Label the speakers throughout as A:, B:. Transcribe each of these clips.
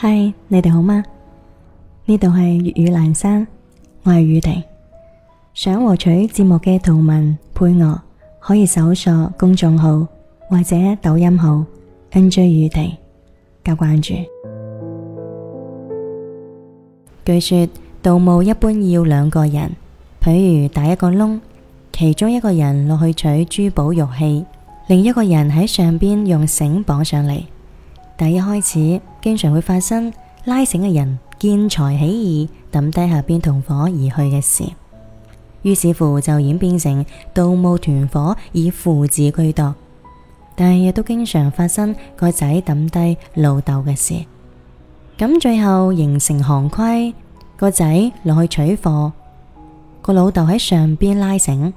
A: 嗨，Hi，你哋好嗎？呢度係粵語闌珊，我係宇婷。想獲取節目嘅圖文配樂，可以搜索公眾號或者抖音號 NJ 宇婷加關注。據說盜墓一般要兩個人，譬如打一個窿，其中一個人落去取珠寶玉器，另一個人喺上邊用繩綁上嚟。第一開始，經常會發生拉繩嘅人見財起意抌低下邊同伙而去嘅事，於是乎就演變成盜墓團伙以父子居多，但係亦都經常發生個仔抌低老豆嘅事，咁最後形成行規，個仔落去取貨，個老豆喺上邊拉繩，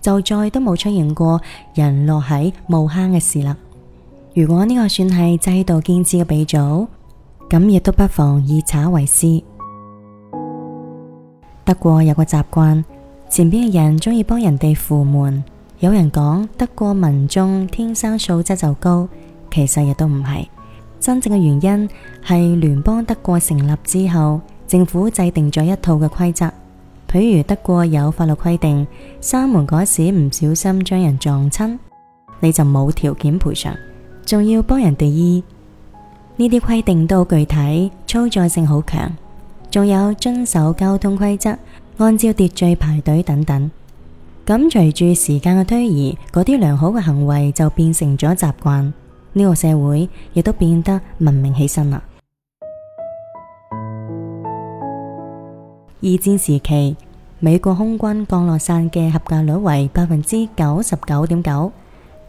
A: 就再都冇出現過人落喺墓坑嘅事啦。如果呢個算係制度建設嘅鼻祖，咁亦都不妨以賊為師。德國有個習慣，前邊嘅人鍾意幫人哋扶門。有人講德國民眾天生素質就高，其實亦都唔係。真正嘅原因係聯邦德國成立之後，政府制定咗一套嘅規則。譬如德國有法律規定，閂門嗰時唔小心將人撞親，你就無條件賠償。仲要幫人對醫，呢啲規定都具體，操作性好強。仲有遵守交通規則，按照秩序排隊等等。咁隨住時間嘅推移，嗰啲良好嘅行為就變成咗習慣，呢個社會亦都變得文明起身啦。 二戰時期，美國空軍降落傘嘅合格率為百分之九十九點九。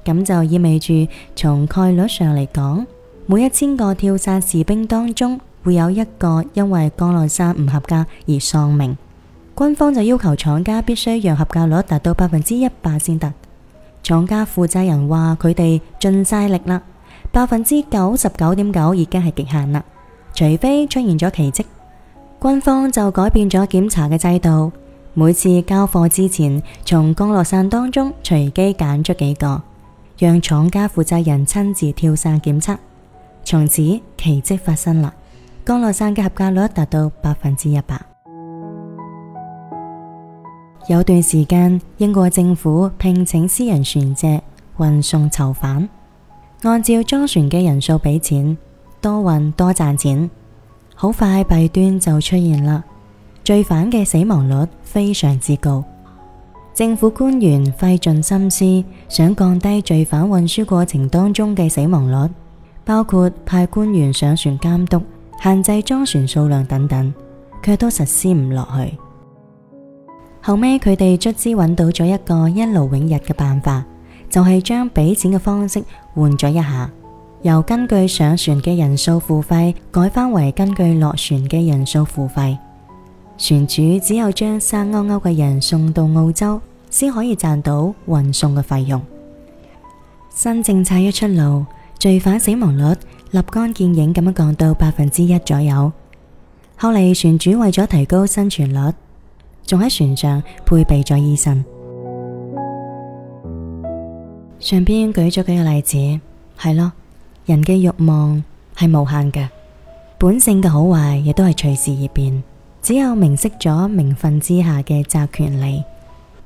A: 咁就意味住，從概率上嚟講，每一千個跳傘士兵當中會有一個因為降落傘唔合格而喪命。軍方就要求廠家必須讓合格率達到百分之一百先得。廠家負責人話：佢哋盡晒力啦，百分之九十九點九已經係極限啦，除非出現咗奇蹟。軍方就改變咗檢查嘅制度，每次交貨之前從降落傘當中隨機揀出幾個。讓廠家負責人親自跳傘檢測，從此奇跡發生啦！降落傘嘅合格率達到百分之一百。 有段時間，英國政府聘請私人船隻運送囚犯，按照裝船嘅人數俾錢，多運多賺錢。好快弊端就出現啦，罪犯嘅死亡率非常之高。政府官員費盡心思想降低罪犯運輸過程當中嘅死亡率，包括派官員上船監督、限制裝船數量等等，卻都實施唔落去。後尾，佢哋卒之揾到咗一個一勞永逸嘅辦法，就係將俾錢嘅方式換咗一下，由根據上船嘅人數付費，改返為根據落船嘅人數付費。船主只有將生勾勾嘅人送到澳洲，先可以賺到運送嘅費用。新政策一出爐，罪犯死亡率立竿見影咁樣降到百分之一左右。後嚟船主為咗提高生存率，仲喺船上配備咗醫生。 上邊舉咗幾個例子，係咯，人嘅欲望係無限嘅，本性嘅好壞亦都係隨時而變。只有明晰咗名分之下嘅責權利。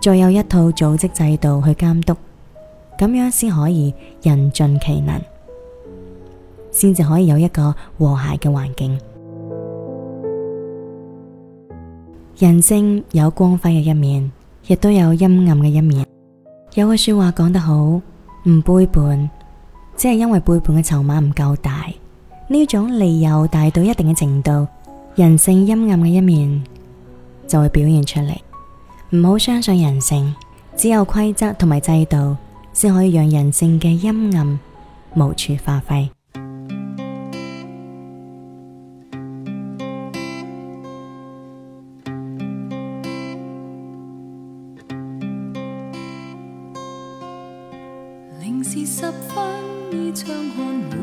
A: 再有一套組織制度去監督，咁樣先可以人盡其能，先至可以有一個和諧嘅環境。人性有光輝嘅一面，亦都有陰暗嘅一面。有句說話講得好：唔背叛，只係因為背叛嘅籌碼唔夠大。呢種利誘大到一定嘅程度，人性陰暗嘅一面就會表現出嚟。唔好相信人性，只有規則同埋制度，先可以讓人性嘅陰暗無處發揮。
B: 零時十分，倚窗看。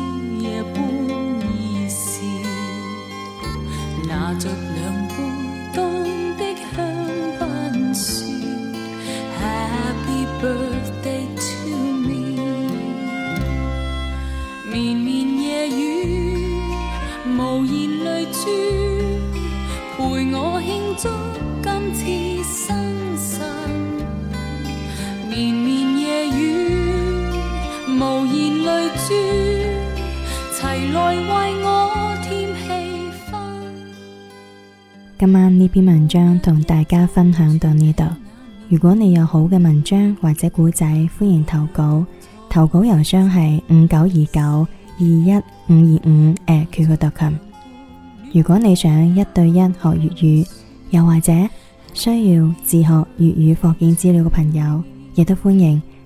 B: 無言淚珠，齊來為我添氣氛。
A: 今晚呢篇文章同大家分享到呢度。如果你有好嘅文章或者古仔，歡迎投稿。投稿郵箱係五九二九二一五二五 @qq.com。AD Q D Q D Q D Q. 如果你想一對一學粵語，又或者需要自學粵語課件資料嘅朋友，亦都歡迎。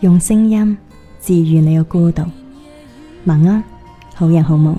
A: 用聲音治愈你嘅孤獨，晚安，好人好夢。